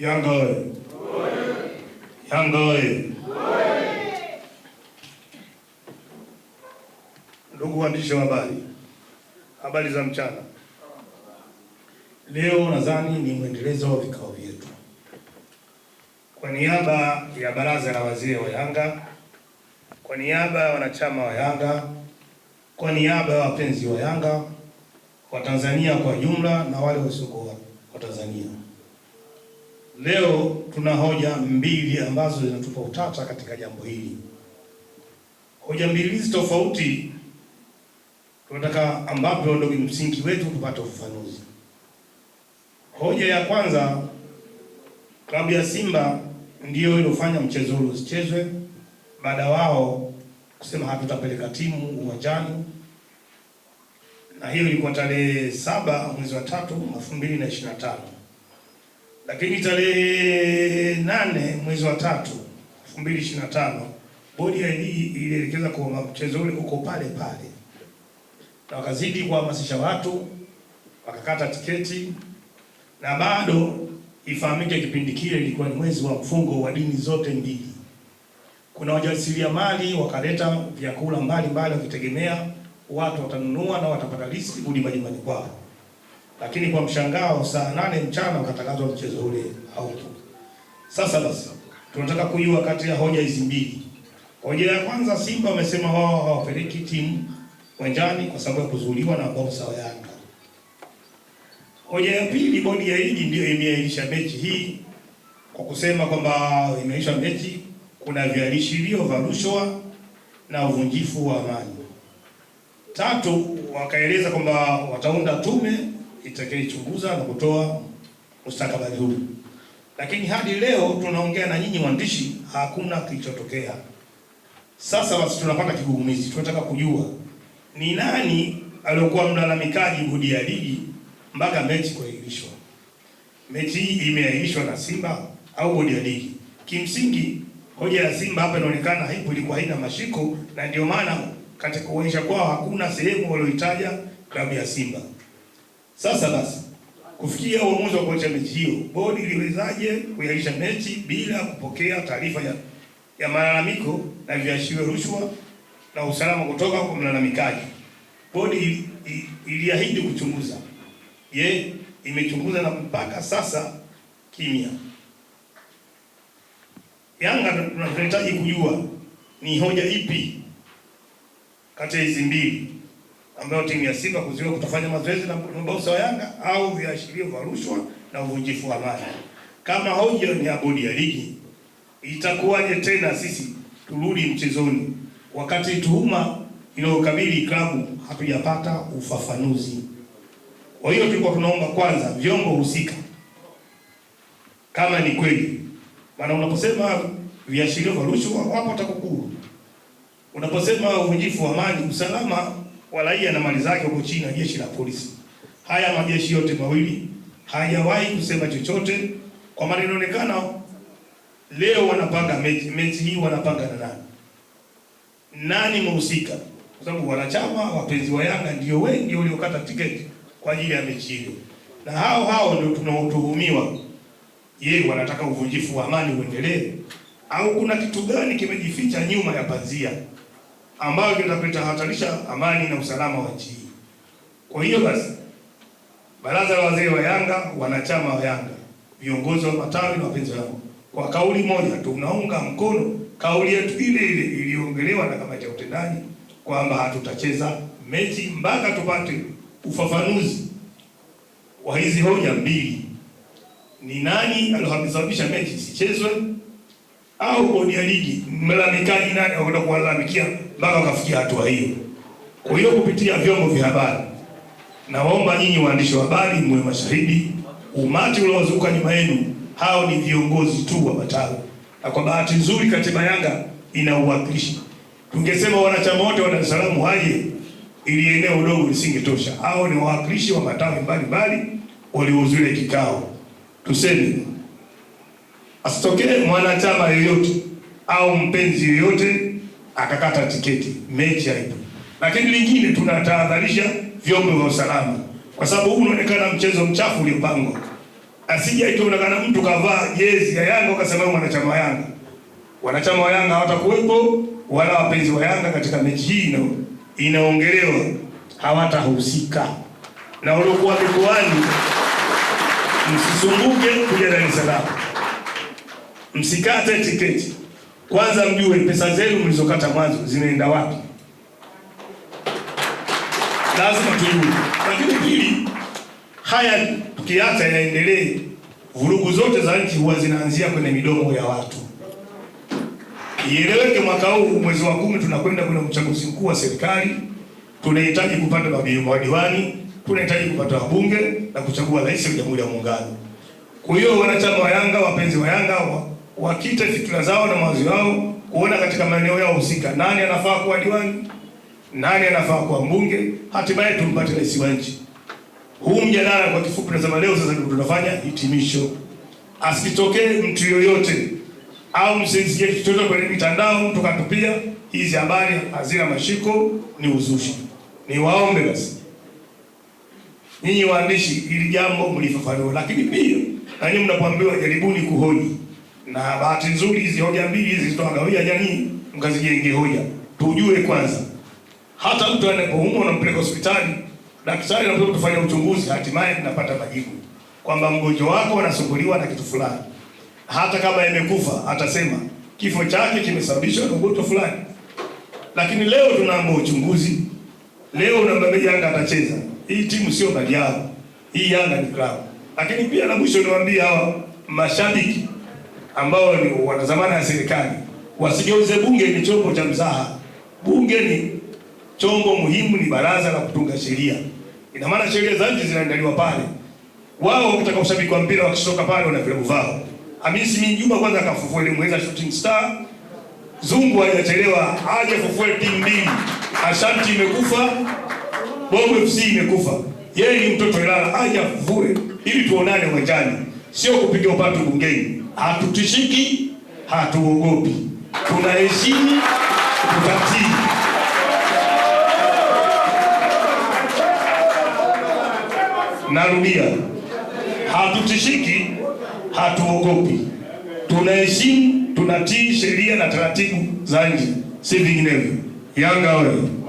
Yanga oye! Yanga oye! Ndugu waandishi wa habari, habari za mchana. Leo nadhani ni mwendelezo wa vikao vyetu. Kwa niaba ya baraza la wazee wa Yanga, kwa niaba ya wanachama wa Yanga, kwa niaba ya wapenzi wa Yanga, Watanzania kwa jumla na wale wasiokuwa Watanzania Leo tuna hoja mbili ambazo zinatupa utata katika jambo hili. Hoja mbili hizi tofauti, tunataka ambapo ndio msingi wetu tupate ufafanuzi. Hoja ya kwanza, klabu ya Simba ndiyo iliyofanya mchezo ule usichezwe baada wao kusema hatutapeleka timu uwanjani, na hiyo ilikuwa tarehe saba mwezi wa tatu elfu mbili na ishirini na tano. Lakini tarehe nane mwezi wa tatu 2025 bodi ya ligi ilielekeza kwa mchezo ule uko pale pale, na wakazidi kuhamasisha watu wakakata tiketi, na bado ifahamike, kipindi kile ilikuwa ni mwezi wa mfungo wa dini zote mbili. Kuna wajasiriamali wakaleta vyakula mbalimbali wakitegemea watu watanunua na watapata riziki kurudi majumbani kwao lakini kwa mshangao saa nane mchana ukatangazwa mchezo ule haupo. Sasa basi tunataka kujua kati ya hoja hizi mbili. Hoja ya kwanza, Simba wamesema wao hawapeleki timu uwanjani kwa sababu ya kuzuiliwa na bomsa wa Yanga. Hoja ya pili, bodi ya ligi ndio imeahirisha mechi hii kwa kusema kwamba imeahirisha mechi, kuna viashirio vya rushwa na uvunjifu wa amani. Tatu, wakaeleza kwamba wataunda tume itakayochunguza na kutoa mustakabali huu. Lakini hadi leo tunaongea na nyinyi waandishi, hakuna kilichotokea. Sasa basi tunapata kigugumizi, tunataka kujua ni nani aliyokuwa mlalamikaji bodi ya ligi mpaka mechi kuahirishwa. Mechi hii imeahirishwa na Simba au bodi ya ligi? Kimsingi hoja ya Simba hapa inaonekana haipo, ilikuwa haina mashiko, na ndio maana katika kuonyesha kwao hakuna sehemu waliohitaja klabu ya Simba. Sasa basi kufikia uamuzi wa kuacha mechi hiyo, bodi iliwezaje kuyaisha mechi bila kupokea taarifa ya, ya malalamiko na viashiria rushwa na usalama kutoka kwa mlalamikaji? Bodi iliahidi kuchunguza. Je, imechunguza na mpaka sasa kimya? Yanga tunahitaji kujua ni hoja ipi kati ya hizi mbili ambayo timu ya Simba kuzuiwa kutofanya mazoezi na mabausa wa Yanga au viashirio vya rushwa na uvunjifu wa amani. Kama hoja ni ya bodi ya ligi, itakuwaje tena sisi turudi mchezoni wakati tuhuma inayokabili klabu hatujapata ufafanuzi? Kwa hiyo tulikuwa tunaomba kwanza vyombo husika, kama ni kweli, maana unaposema viashirio vya rushwa wapo TAKUKURU, unaposema uvunjifu wa amani, usalama wa raia na mali zake huko chini na jeshi la polisi. Haya majeshi yote mawili hayawahi kusema chochote, kwa maana inaonekana leo wanapanga mechi. Mechi hii wanapanga na nani? Nani mhusika? Kwa sababu wanachama wapenzi wa Yanga ndio wengi waliokata tiketi kwa ajili ya mechi hiyo, na hao hao ndio tunaotuhumiwa. Je, wanataka uvunjifu wa amani uendelee au kuna kitu gani kimejificha nyuma ya pazia? ambavyo vitahatarisha amani na usalama wa nchi hii. Kwa hiyo basi, baraza la wazee wa Yanga, wanachama wa Yanga, viongozi wa matawi na wapenzi wao, kwa kauli moja tunaunga mkono kauli yetu ile ile iliyoongelewa na kamati ya utendaji kwamba hatutacheza mechi mpaka tupate ufafanuzi wa hizi hoja mbili: ni nani aliyosababisha mechi sichezwe au bodi ya ligi, mlalamikaji nani anakwenda kuwalalamikia mpaka wakafikia hatua hiyo? Kwa hiyo kupitia vyombo vya habari, nawaomba nyinyi waandishi wa habari mwe mashahidi. Umati uliozunguka nyuma yenu, hao ni viongozi tu wa matawi, na kwa bahati nzuri katiba Yanga ina uwakilishi. Tungesema wanachama wote wa Dar es Salaam waje, ili eneo dogo lisingetosha. Hao ni wawakilishi wa matawi mbalimbali waliohudhuria kikao, tuseme Asitokee mwanachama yoyote au mpenzi yoyote akakata tiketi, mechi haipo. Lakini lingine, tunatahadharisha vyombo vya usalama, kwa sababu huu unaonekana mchezo mchafu uliopangwa, asija ikionekana mtu kavaa jezi ya Yanga akasema mwanachama wa Yanga. Wanachama wa Yanga hawatakuwepo wala wapenzi wa Yanga katika mechi hii inaongelewa, hawatahusika na waliokuwa mikoani, msisumbuke kuja Dar es Salaam. Msikate tiketi, kwanza mjue pesa zenu mlizokata mwanzo zinaenda wapi. Lazima tujue. Lakini pili, haya tukiacha yaendelee, vurugu zote za nchi huwa zinaanzia kwenye midomo ya watu. Ieleweke, mwaka huu mwezi wa kumi tunakwenda kwenye uchaguzi mkuu wa serikali, tunahitaji kupata madiwani, tunahitaji kupata wabunge na kuchagua rais wa Jamhuri ya Muungano. Kwa hiyo wanachama wa Yanga, wapenzi wa Yanga wakite fikira zao na mawazo yao kuona katika maeneo yao husika nani anafaa kuwa diwani, nani anafaa kuwa mbunge, hatimaye tumpate rais wa nchi. Huu mjadala kwa kifupi nasema leo sasa ndio tunafanya hitimisho. Asitokee mtu yoyote au msinzie kitoto kwenye mitandao mtu katupia hizi habari, hazina mashiko, ni uzushi. Ni waombe basi nyinyi waandishi, ili jambo mlifafanua, lakini pia na nyinyi mnapoambiwa, jaribuni kuhoji na bahati nzuri hizi hoja mbili hizi zitoangawia jamii, mkazijenge hoja, tujue kwanza. Hata mtu anapoumwa unampeleka hospitali, daktari anapokuja kufanya uchunguzi, hatimaye tunapata majibu kwamba mgonjwa wako anasumbuliwa na kitu fulani. Hata kama imekufa atasema kifo chake kimesababishwa na ugonjwa fulani, lakini leo tunaamba uchunguzi, leo na mbabe Yanga atacheza. Hii timu sio badi yao, hii Yanga ni klabu. Lakini pia na mwisho niwaambie hawa mashabiki ambao ni wanazamana ya serikali wasigeuze bunge ni chombo cha mzaha. Bunge ni chombo muhimu, ni baraza la kutunga sheria. Ina maana sheria za nchi zinaandaliwa pale. Wao wakitaka ushabiki wa mpira wakisoka pale wana vilabu vao. Hamisi Minjuma kwanza akafufua ile mweza Shooting Star. Zungu hajachelewa aje fufue timu mbili. Ashanti imekufa, Bombo FC imekufa. Yeye ni mtoto Ilala aje afufue ili tuonane uwanjani. Sio kupiga upatu bungeni hatutishiki, hatuogopi, tunaheshimu, tutatii. Narudia, hatutishiki, hatuogopi, tunaheshimu, tunatii sheria na taratibu za nchi, si vinginevyo. Yanga wewe.